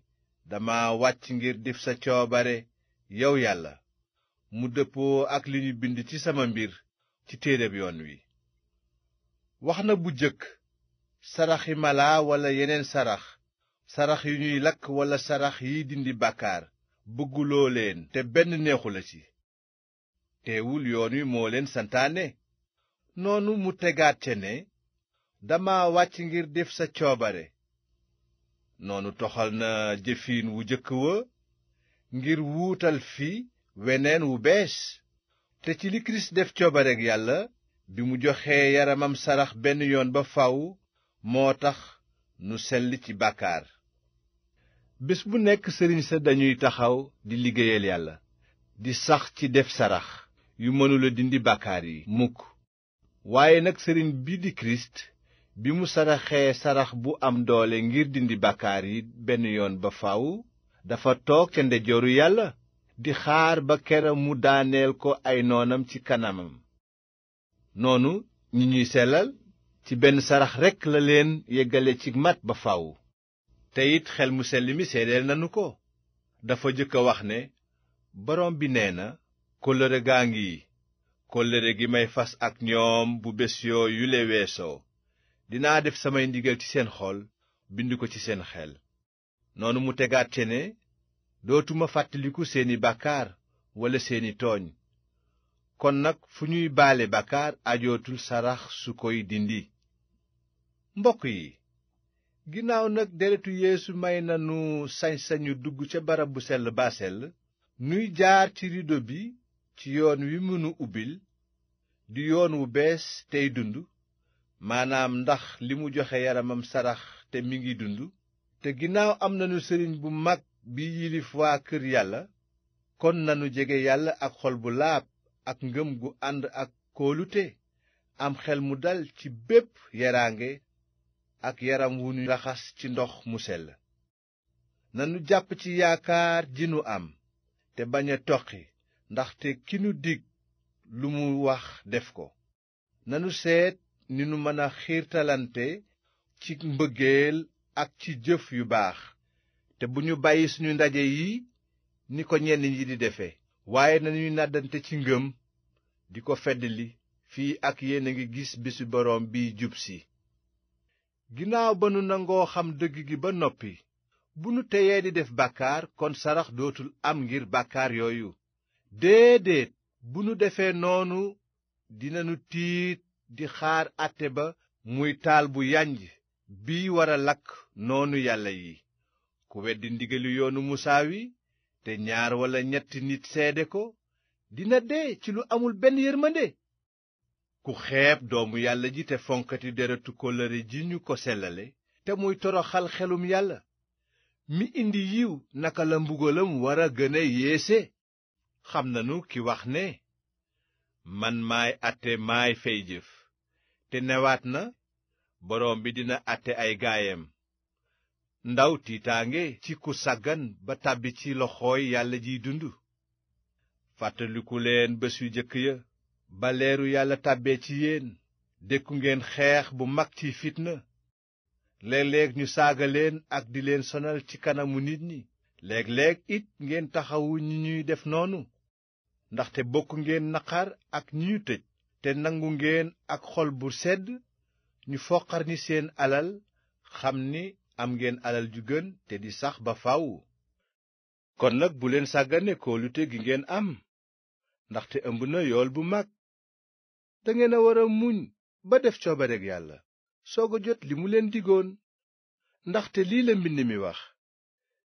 dama wàcc ngir def sa coobare yow yàlla mu dëppoo ak li ñu bind ci sama mbir ci téereb yoon wi wax na bu jëkk saraxi mala walla yeneen sarax sarax yu ñuy lakk walla sarax yi dindi bàkkaar bëgguloo leen te benn neexu la ci teewul yoon wi moo leen santaane noonu mu tegaat ca ne dama wàcc ngir def sa coobare noonu toxal na jëfin wu jëkk wa ngir wuutal fi weneen wu bees te ci li kirist def coobareg yàlla bi mu joxee yaramam sarax benn yoon ba faw moo tax nu sell ci bàkkaar bés bu nekk sëriñ sa dañuy taxaw di liggéeyal yàlla di sax ci def sarax yu mënula dindi bàkkaar yi waaye nag sëriñ bi di kirist bi mu saraxee sarax bu am doole ngir dindi bàkkaar yi benn yoon ba faw dafa toog ca ndeyjooru yàlla di xaar ba kera mu daaneel ko ay noonam ci kanamam noonu ñi ñuy sellal ci benn sarax rekk la leen yeggale ci mat ba faw te xel mu sell mi seedeel nanu ko dafa jëkk a wax ne borom bi nee na kóllëre gaa ngi kóllëre gi may fas ak ñoom bu bés yooyu le weesoo dinaa def samay ndigal ci seen xol bind ko ci seen xel noonu mu tegaat ce ne dootuma fàttaliku seeni bàkkaar walla seeni tooñ kon nag fu ñuy baale bàkkaar ajootul sarax su koy dindi mbokk yi ginnaaw nag deretu yeesu may nanu sañ-sañu dugg ca barab bu sell ba sell nuy jaar ci rido bi ci yoon wi mënu ubbil di yoon wu bees tey dund maanaam ndax li mu joxe yaramam sarax te mi ngi dund te ginnaaw am nanu sëriñ bu mag bi yilif waa kër yàlla kon nanu jege yàlla ak xol bu laab ak ngëm gu ànd ak kóolute am xel mu dal ci bépp yaraange ak yaram wu ñu raxas ci ndox mu sell nanu jàpp ci yaakaar ji nu am te bañ a toqi ndaxte ki nu dig lu mu wax def ko nanu seet ni nu mën a talante ci mbëggeel ak ci jëf yu baax te bu ñu bàyyi suñu ndaje yi ni ko ñenn ñi di defe waaye nañuy nàddante ci ngëm di ko feddali fii ak yéen a ngi gis bi ci boroom biy jub si ginnaaw ba nu nangoo xam dëgg gi ba noppi bu nu teyee di def bàkkaar kon sarax dootul am ngir bàkkaar yooyu déedéet bu ñu defee noonu dinanu tiit di xaar àtte ba muy taal bu yanj biy war a lakk noonu yàlla yi ku weddi ndigali yoonu musaa wi te ñaar walla ñetti nit seede ko dina dee ci lu amul benn yërmande ku xeeb doomu yàlla ji te fonkati deretu kóllëre ji ñu ko sellale te muy toroxal xelum yàlla mi indi yiw naka la mbugalam war a gën a yéese xam nanu ki wax ne man maay àtte maay fay jëf te newaat na boroom bi dina àtte ay gaayam ndaw tiitaange ci ku sàggan ba tàbbi ci loxooy yàlla jiy dund fàttaliku leen bés yu jëkk ya ba leeru yàlla tàbbee ci yéen dékku ngeen xeex bu mag ci fitna léeg-léeg ñu saaga leen ak di leen sonal ci kanamu nit ñi léeg-léeg it ngeen taxawu ñi ñuy def noonu ndaxte bokk ngeen naqar ak ñi ñu tëj te nangu ngeen ak xol bu sedd ñu foqar ni seen alal xam ni am ngeen alal ju gën te di sax ba faw kon nag bu leen sàggane lu gi ngeen am ndaxte ëmb na yool bu mag dangeen a war muñ ba def coobareg yàlla soog a jot li mu leen digoon ndaxte lii la mbind mi wax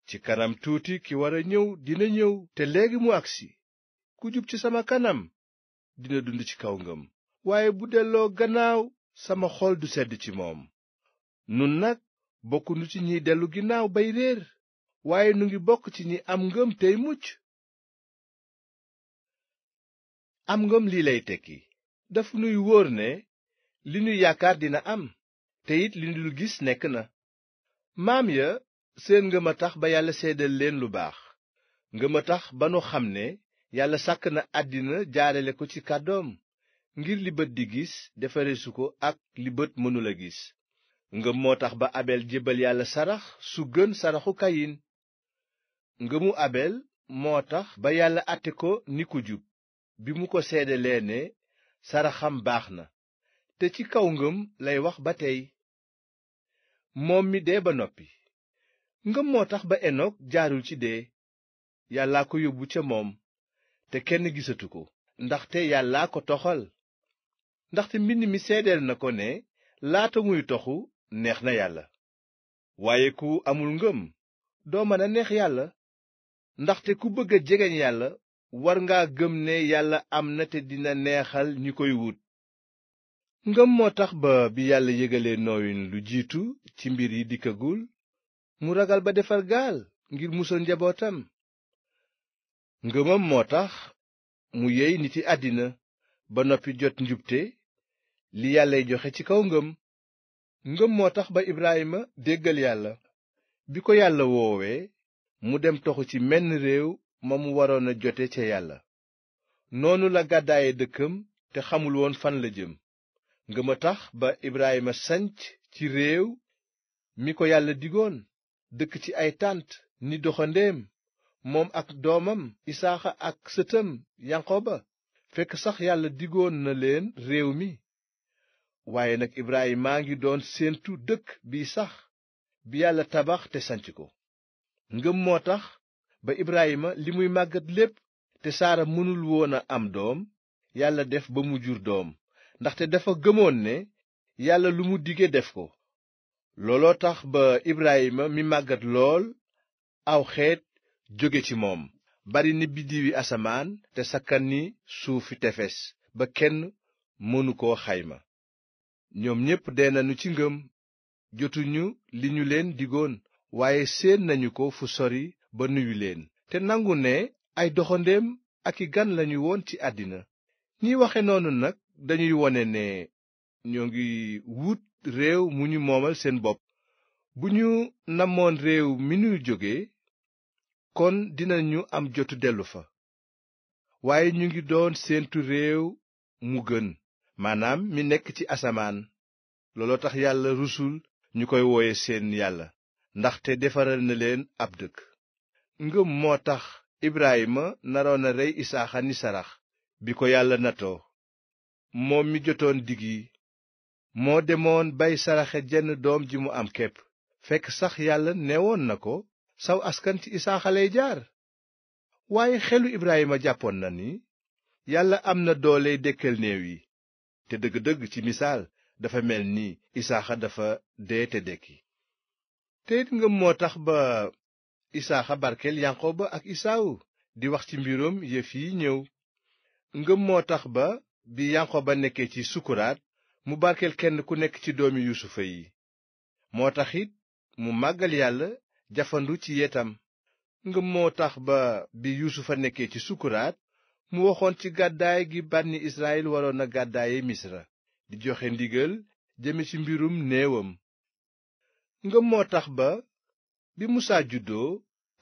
ci kanam tuuti ki war a ñëw dina ñëw te léegi mu agsi ku jub ci sama kanam dina dund ci kaw ngëm waaye bu delloo gannaaw sama xol du sedd ci moom nun nag bokkunu ci ñiy dellu ginnaaw bay réer waaye nu ngi bokk ci ñi am ngëm tey mucc am ngëm lii lay tekki dafa nuy wóor ne li nu yaakaar dina am te li nu gis nekk na maam ya seen ngëm a tax ba yàlla seedal leen lu baax ngëm a tax ba nu xam ne yàlla sàkk na àddina jaarale ko ci kàddoom ngir li bët di gis defareesu ko ak li bët mënula gis ngëm moo tax ba abel jébbal yàlla sarax su gën saraxu kayin ngëmu abel moo tax ba yàlla àtte ko ni jub bi mu ko seedelee ne saraxam baax na te ci kaw ngëm lay wax ba tey moom mi dee ba noppi ngëm moo tax ba enok jaarul ci dee yàllaa ko yóbbu ca moom te kenn gisatu ko ndaxte yàllaa ko toxal ndaxte mbind mi seedeel na ko ne laata muy toxu neex na yàlla waaye ku amul ngëm doo mën a neex yàlla ndaxte ku bëgga a jegeñ yàlla war ngaa gëm ne yàlla am na te dina neexal ñi koy wut ngëm moo tax ba bi yàlla yëgalee nooyin lu jiitu ci mbir yi dikkagul mu ragal ba defar gaal ngir musal njabootam ngëmam moo tax mu yey niti àddina ba noppi jot njubte li yàllay joxe ci kaw ngëm ngëm moo tax ba Ibrahima déggal yàlla bi ko yàlla woowee mu dem toxu ci menn réew ma mu waroon a jote ca yàlla noonu la gàddaaye dëkkam te xamul woon fan la jëm ngëm a tax ba Ibrahima sanc ci réew mi ko yàlla digoon dëkk ci ay tànt ni doxandeem moom ak doomam isaaxa ak sëtam yanqoba fekk sax yàlla digoon na leen réew mi waaye nag maa ngi doon séentu dëkk bi sax bi yàlla tabax te sanc ko ngëm moo tax ba ibrahima li muy màggat lépp te saara mënul woon a am doom yàlla def ba mu jur doom ndaxte dafa gëmoon ne yàlla lu mu dige def ko looloo tax ba ibraayima mi màggat lool aw xeet jóge ci moom bari ni biddiwi asamaan te sakkan ni suufi tefes ba kenn mënu koo xayma ñoom ñépp dee nañu ci ngëm jotuñu li ñu leen digoon waaye séen nañu ko fu sori ba nuyu leen te nangu ne ay doxandeem ak i gan lañu woon ci àddina ñiy waxe noonu nag dañuy wone ne ñoo ngi wut réew mu ñu moomal seen bopp bu ñu namoon réew mi ñu jóge kon dinañu am jotu dellu fa waaye ñu ngi doon séentu réew mu gën maanaam mi nekk ci asamaan looloo tax yàlla rusul ñu koy wooye seen yàlla ndaxte defaral na leen ab dëkk ngëm moo tax ibrahima naroon a rey isaaxa ni sarax bi ko yàlla natoo moom mi jotoon digg yi moo demoon bay saraxe jenn doom ji mu am képp fekk sax yàlla neewoon na ko saw askan ci isaaxa jaar waaye xelu ibraayima jàppoon na ni yàlla am na doole dekkal néew yi te dëgg-dëgg ci misaal dafa mel ni isaaxa dafa dee te dekki te it ngëm moo tax ba isaaxa barkeel yanqooba ak isaawu di wax ci mbiroom yëf yi ñëw ngëm moo tax ba bi ba nekkee ci sukuraat mu barkeel kenn ku nekk ci doomi yuusufa yi moo tax mu màggal yàlla jafandu ci yetam ngëm moo tax ba bi yuusufa nekkee ci sukkuraat mu waxoon ci gàddaay gi bànni israyil waroon a gàddaaye misra di joxe ndigal jëme ci mbirum néewam ngëm moo tax ba bi musaa juddoo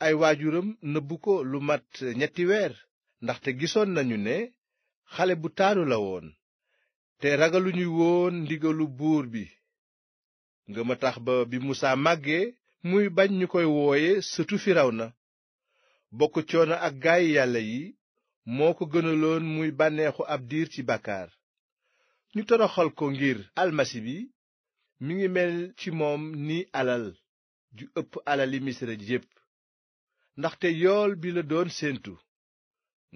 ay waajuram nëbbu ko lu mat ñetti weer ndaxte gisoon nañu ne xale bu taaru la woon te ragaluñu woon ndigalu buur bi ngëm a tax ba bi musaa màggee muy bañ ñu koy wooye sëtu na bokk coono ak gaay yàlla yi moo ko gënaloon muy bànneexu ab diir ci bàkkaar ñu toroxal ko ngir almasi bi mi ngi mel ci moom ni alal ju ëpp alali misra yépp ndaxte yool bi la doon séentu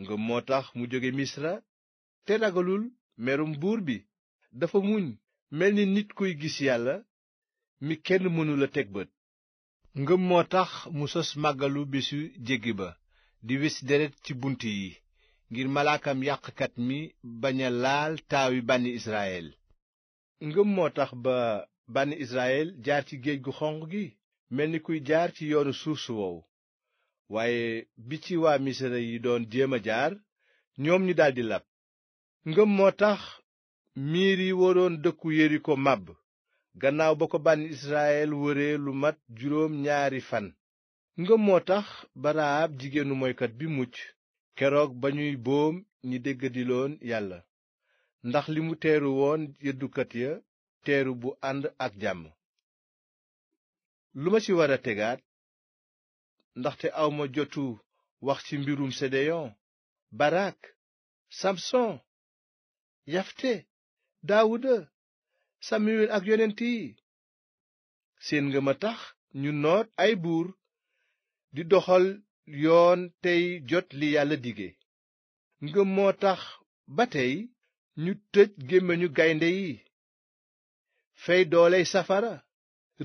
ngëm moo tax mu jóge misra te ragalul merum buur bi dafa muñ mel ni nit kuy gis yàlla mi kenn mënula teg bët ngëm moo tax mu sos màggalu bésu jéggi ba di wis deret ci bunt yi ngir malaakam yàqkat mi bañ a laal taawi bànni israyel ngëm moo tax ba bànni israyel jaar ci géej gu xonq gi mel ni kuy jaar ci yoonu suuf su wow waaye bi ci waa misra yi doon jéem a jaar ñoom ñu daldi lab ngëm moo tax miir yi waroon dëkku yeriko màbb gannaaw ba ko bànni israyil wëree mat juróom ñaari fan ngëm moo tax baraab jigéenu moykat bi mucc keroog ba ñuy boom ñi déggadiloon yàlla ndax limu mu teeru woon yëddukat ya teeru bu ànd ak jàmm lu ma ci wara a tegaat ndaxte awma jotu wax ci mbirum sedeyon barak samson yafte daawuda samuel ak yonent yi seen ngëm a tax ñu noot ay buur di doxal yoon tey jot li yàlla dige ngëm moo tax ba tey ñu tëj gémmiñu gaynde yi fey dooley safara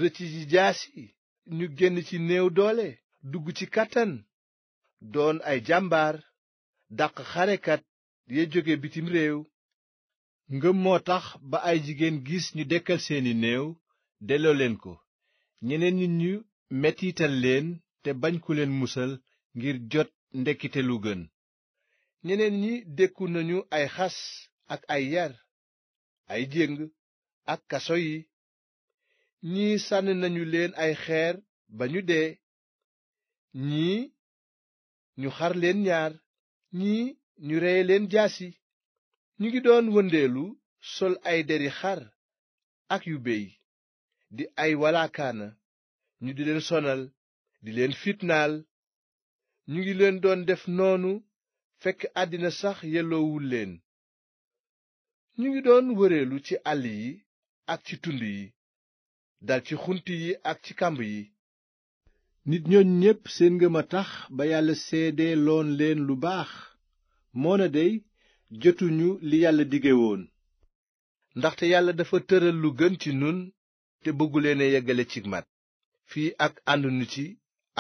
rëcc ci jaas ñu génn ci néew doole dugg ci kàttan doon ay jàmbaar dàq xarekat ya jóge bitim réew ngëm moo tax ba ay jigéen gis ñu dekkal seeni néew delloo leen ko ñeneen nit ñu mettital leen te bañ ku leen musal ngir jot ndekkite lu gën ñeneen ñi dékku nañu ay xas ak ay yar ay jéng ak kaso yi ñii sànni nañu leen ay xeer ba ñu dee ñii ñu xar leen ñaar ñii ñu reye leen jaasi ñu ngi doon wëndeelu sol ay deri xar ak yu bey di ay walaakaana ñu di leen sonal di leen fitnaal ñu ngi leen doon def noonu fekk àddina sax yelloowul leen ñu ngi doon wëreelu ci àll yi ak ci tund yi dal ci xunt yi ak ci kàmb yi nit ñooñ ñépp seen ngëm a tax ba yàlla seede loon leen lu baax moona dey jotuñu li yàlla dige ndaxte yàlla dafa tëral lu gën ci nun te bëgguleene yeggale ci mat fii ak ànduñu ci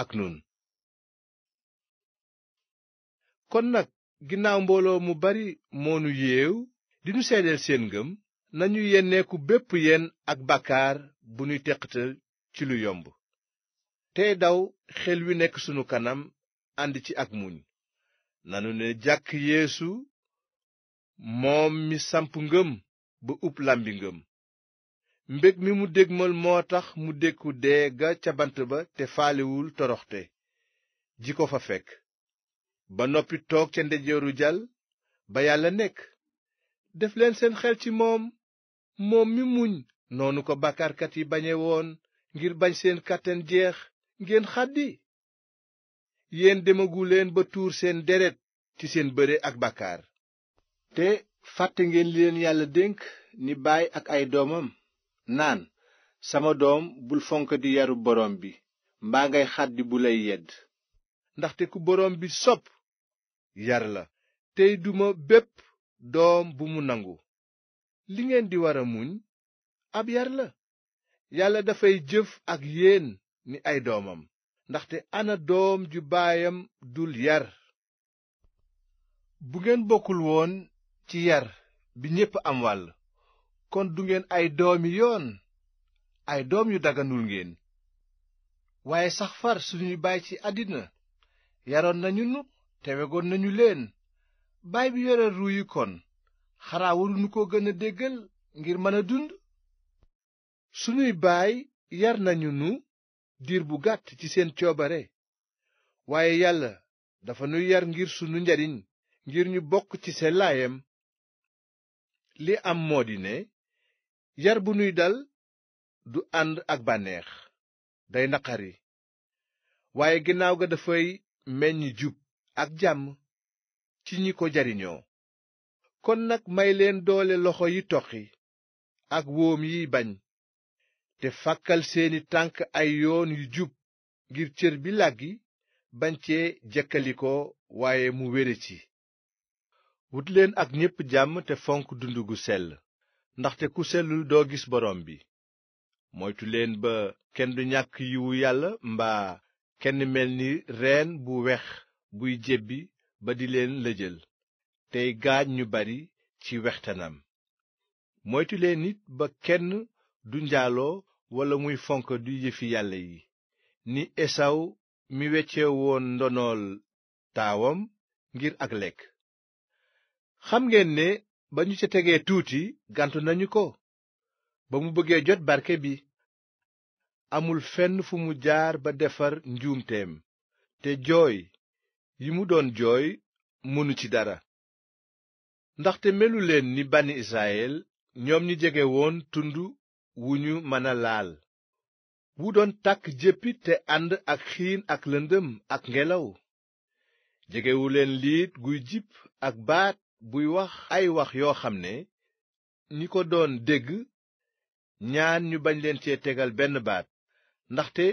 ak nun kon nag ginnaaw mbooloo mu bari moonu yeew di nu seedeel seen ngëm nañu yenneeku bépp yenn ak bàkkaar bu ñuy teqatal ci lu yomb tey daw xel wi nekk sunu kanam ànd ci ak muñ nanu ne jàkk yeesu moom mi samp ngëm ba ub làmbi ngëm mbég mi mu dégmal moo tax mu dékku dee ga ca bant ba te faalewul toroxte ji ko fa fekk ba noppi toog ca ndeyjooru jal ba yàlla nekk def leen seen xel ci moom moom mi muñ noonu ko bàkkaarkat yi bañe woon ngir bañ seen kàttan jeex ngeen xàddi yéen demaguleen ba tuur seen deret ci seen bëre ak bàkkaar te fàtte ngeen li leen yàlla dénk ni baay ak ay doomam naan sama doom bul fonk fonkati yaru boroom bi mbaa ngay xàddi bu lay yedd ndaxte ku boroom bi sopp yar la tey duma bépp doom bu mu nangu li ngeen di wara muñ ab yar la yàlla dafay jëf ak yéen ni ay doomam ndaxte ana doom ju baayam dul yar bu ngeen bokkul woon ci yar bi ñépp am wàll kon du ngeen ay doomi yoon ay doom yu daganul ngeen waaye sax far suñuy baay ci àddina yaroon nañu nu te nañu leen baay bi yore ruu kon xanaa waruñu ko gën a déggal ngir mën a dund suñuy baay yar nañu nu diir bu gàtt ci seen coobare waaye yàlla dafa nuy yar ngir sunu njariñ ngir ñu bokk ci sellaayam li am moo ne yar bu nuy dal du ànd ak bànneex day naqari waaye ginnaaw ga dafay meññ jub ak jàmm ci ñi ko jariñoo kon nag may leen doole loxo yi toqi ak wóom yiy bañ te fàkkal seeni tànk ay yoon yu jub ngir cër bi làggi bañ cee jëkkalikoo waaye mu wére ci wut leen ak ñépp jàmm te fonk dund gu sell ndaxte ku sellul doo gis boroom bi moytu leen ba kenn du ñàkk yiwu yàlla mbaa kenn mel ni reen bu wex buy jébbi ba di leen la jël tey gaañ ñu bari ci wextanam moytu leen it ba kenn du njaaloo walla muy fonk du yëfi yàlla yi ni esaw mi wecce woon ndonool taawam ngir ak lekk xam ngeen ne ba ñu ca tegee tuuti gàntu nañu ko ba mu bëggee jot barke bi amul fenn fu mu jaar ba defar njuumteem te jooy yi mu doon jooy mënu ci dara ndaxte melu leen ni bànni Israyel ñoom ñi jege woon tund wu ñu mën a laal wu doon tàkk jéppi te ànd ak xiin ak lëndëm ak ngelaw jegewu leen liit guy jip ak baat buy wax ay wax yoo xam ne ñi ko doon dégg ñaan ñu bañ leen cee tegal benn baat ndaxte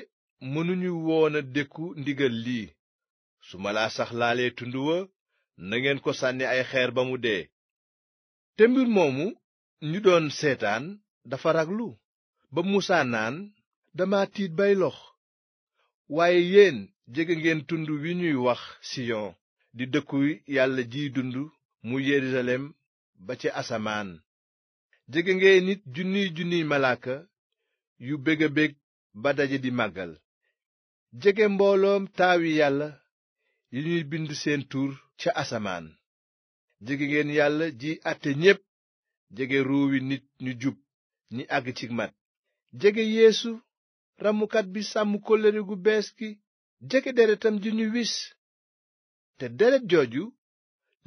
mënuñu woona dékku ndigal lii su ma laa sax laalee tund wa na ngeen ko sànni ay xeer ba mu dee te mbir moomu ñu doon seetaan dafa raglu ba Musaa naan dama tiit bay lox waaye yéen jege ngeen tund wi ñuy wax Siyon di dëkku yàlla jiy dund mu yerusalem ba ca asamaan jege ngeen nit junniy junniy malaaka yu bég a ba daje di màggal jege mbooloom taawi yàlla yi ñuy bind seen tur ca asamaan jege ngeen yàlla ji àtte ñépp jege ruuwi nit ñu jub ñi àgg ci mat jege yeesu ramukat bi sàmm kóllëre gu bees gi jege deretam ji ñu wis te deret jooju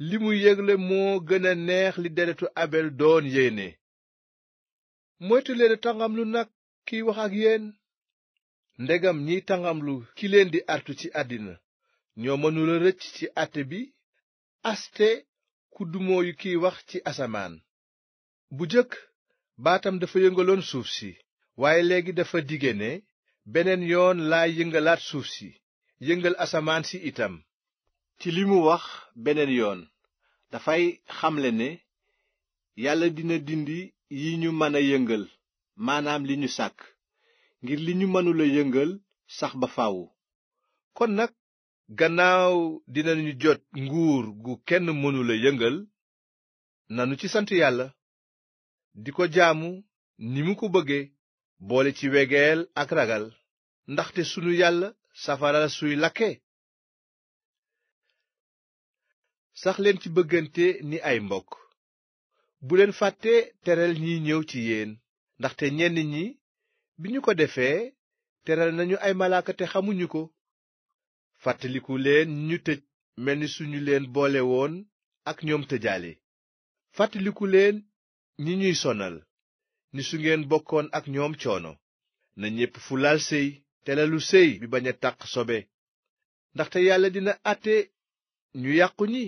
li mu yégle moo gën a neex li deretu abel doon yéene moytu leen tangamlu nag kiy wax ak yéen ndegam ñiy tangamlu ki leen di artu ci àddina ñoo mënula rëcc ci àtte bi aste ku dumooyu kiy wax ci asamaan bu jëkk baatam dafa yëngaloon suuf si waaye léegi dafa dige beneen yoon laay yëngalaat suuf si yëngal asamaan si itam ci li mu wax beneen yoon dafay xamle ne yàlla dina dindi yi ñu mën a yëngal maanaam li ñu sàkk ngir li ñu mënula yëngal sax ba faaw. kon nag gannaaw dinañu jot nguur gu kenn mënula yëngal nanu ci sant yàlla di ko jaamu ni mu ko bëgge boole ci wegeel ak ragal ndaxte sunu yàlla safara suy lakke saxleen ci bëggante ni ay mbokk bu leen fàtte teral ñiy ñëw ci yéen ndaxte ñenn ñi bi ñu ko defee teral nañu ay malaaka te xamuñu ko fàttaliku leen ñu tëj mel ni suñu leen boole woon ak ñoom tëjaale fàttaliku leen ñi ñuy sonal ni su ngeen bokkoon ak ñoom coono na ñépp fulaal séy te lu séy bi bañ a taq sobe ndaxte yàlla dina àtte ñu yàqu ñi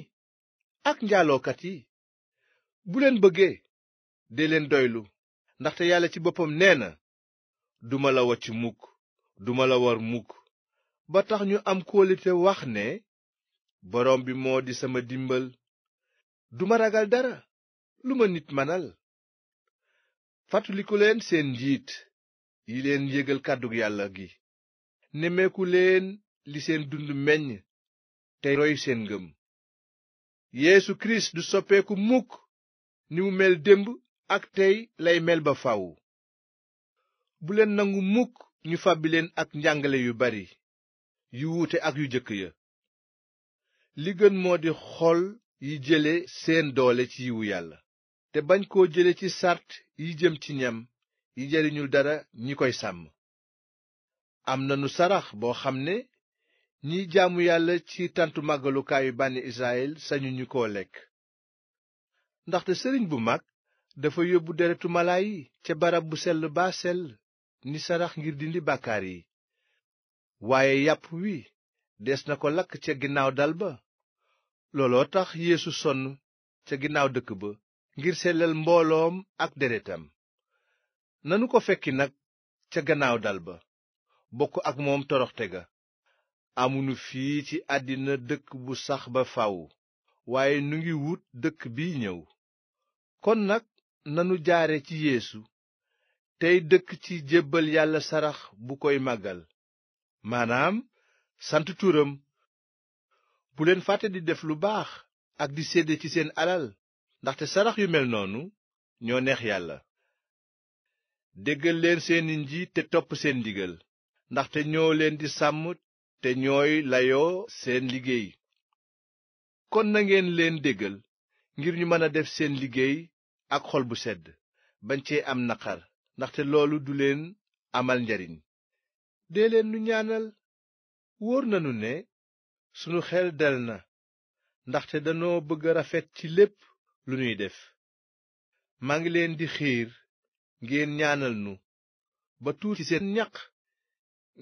ak njaalookat yi bu leen bëggee dee leen doylu ndaxte yàlla ci boppam nee na duma la wacc mukk duma la war mukk ba tax ñu am kóolite wax ne boroom bi moo di sama dimbal duma ragal dara lu ma nit manal fàttaliku leen seen njiit yi leen yégal kàddu yàlla gi nemmeeku leen li seen dund meññ te roy seen ngëm yeesu kirist du soppeeku mukk ni mu mel démb ak tey lay mel ba faw buleen nangu mukk ñu fàbbi leen ak njàngale yu bari yu wuute ak yu jëkk ya li gën moo di xol yi jële seen doole ci yiwu yàlla te bañ koo jële ci sart yi jëm ci ñam yi jariñul dara ñi koy sàmm am nanu sarax boo xam ne ñiy jaamu yàlla ci tantu màggalukaayu bànni israyil ko lekk ndaxte sëriñ bu mag dafa yóbbu deretu mala yi ca barab bu sell baa sell ni sarax ngir dindi bàkkaar yi waaye yàpp wi des na ko lakk ca ginnaaw dal ba looloo tax yéesu sonn ca ginnaaw dëkk ba ngir sellal mbooloom ak deretam nanu ko fekki nag ca gannaaw dal ba bokk ak moom toroxte ga amunu fii ci àddina dëkk bu sax ba faw waaye nu ngi wut dëkk bi ñëw kon nag nanu jaare ci yéesu tey dëkk ci jébbal yàlla sarax bu koy màggal maanaam sant turam bu leen fàtte di def lu baax ak di sédde ci seen alal ndaxte sarax yu mel noonu ñoo neex yàlla déggal leen seeni njiit te topp seen ndigal ndaxte ñoo leen di sàmm te ñooy layoo seen liggéey kon na ngeen leen déggal ngir ñu mën a def seen liggéey ak xol bu sedd bañ cee am naqar ndaxte loolu du leen amal njariñ dee leen nu ñaanal wóor nanu ne sunu xel del na ndaxte danoo bëgg rafet ci lépp lu ñuy def maa ngi leen di xiir ngeen ñaanal nu ba tuur ci seen ñaq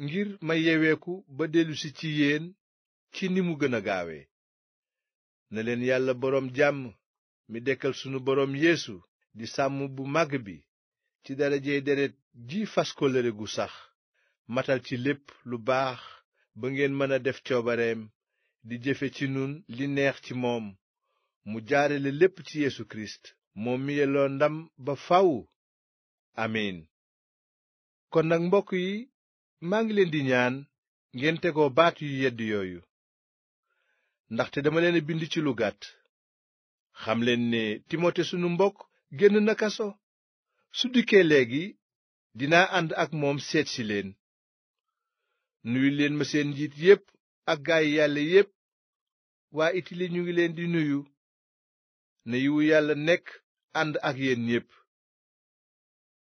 ngir ma yeweeku ba dellusi ci yéen ci ni mu gëna gaawee na leen yàlla boroom jàmm mi dekkal sunu boroom yéesu di sàmm bu màgg bi ci darajey deret ji faskolere gu sax matal ci lépp lu baax ba ngeen mëna def coobareem di jëfe ci nun li neex ci moom mu jaarale lépp ci yeesu kirist moom mi yelloo ndam ba faw amiin maa ngi leen di ñaan ngeen tegoo baat yu yedd yooyu ndaxte dama leen a bind ci lu gàtt xam leen ne timote sunu mbokk génn na kaso su dikkee léegi dinaa ànd ak moom seetsi leen nuyu leen ma seen njiit yépp ak gaay yàlla yépp waa itali ñu ngi leen di nuyu ne yiwu yàlla nekk ànd ak yéen yépp